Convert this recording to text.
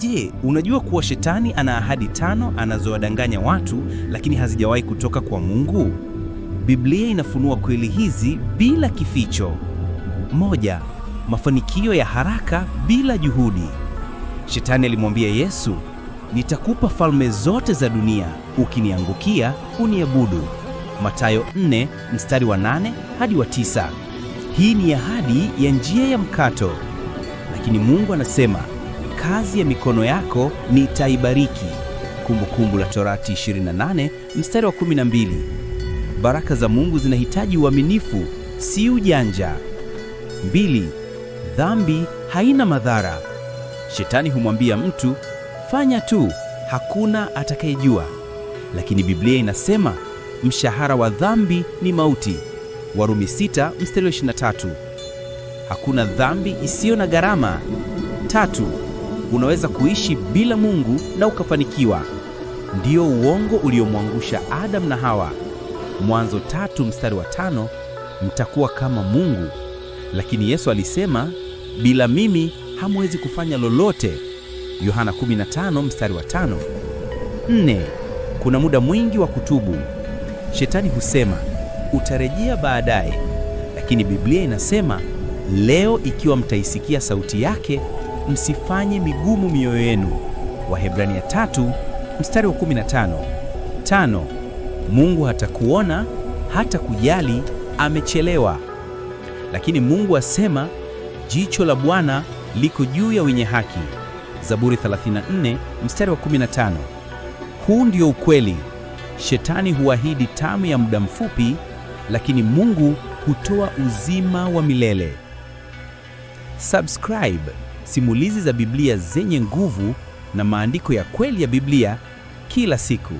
Je, unajua kuwa shetani ana ahadi tano anazowadanganya watu lakini hazijawahi kutoka kwa Mungu? Biblia inafunua kweli hizi bila kificho. Moja, mafanikio ya haraka bila juhudi. Shetani alimwambia Yesu, nitakupa falme zote za dunia ukiniangukia uniabudu. Mathayo 4 mstari wa 8 hadi wa tisa. Hii ni ahadi ya njia ya mkato, lakini Mungu anasema kazi ya mikono yako nitaibariki. Kumbukumbu la Torati 28 mstari wa 12. Baraka za Mungu zinahitaji uaminifu, si ujanja. mbili Dhambi haina madhara. Shetani humwambia mtu, fanya tu, hakuna atakayejua. Lakini Biblia inasema mshahara wa dhambi ni mauti. Warumi 6 mstari wa 23. Hakuna dhambi isiyo na gharama. Tatu, unaweza kuishi bila Mungu na ukafanikiwa. ndio uongo uliomwangusha Adamu na Hawa. Mwanzo tatu mstari wa tano, mtakuwa kama Mungu. Lakini Yesu alisema, bila mimi hamwezi kufanya lolote. Yohana 15 mstari wa tano. Nne, kuna muda mwingi wa kutubu. Shetani husema utarejea baadaye, lakini Biblia inasema leo ikiwa mtaisikia sauti yake msifanye migumu mioyo yenu. Wahebrania tatu mstari wa 15. Tano, Mungu hatakuona hata kujali amechelewa, lakini Mungu asema jicho la Bwana liko juu ya wenye haki. Zaburi 34 mstari wa 15. Huu ndio ukweli. Shetani huahidi tamu ya muda mfupi, lakini Mungu hutoa uzima wa milele. Subscribe simulizi za Biblia zenye nguvu na maandiko ya kweli ya Biblia kila siku.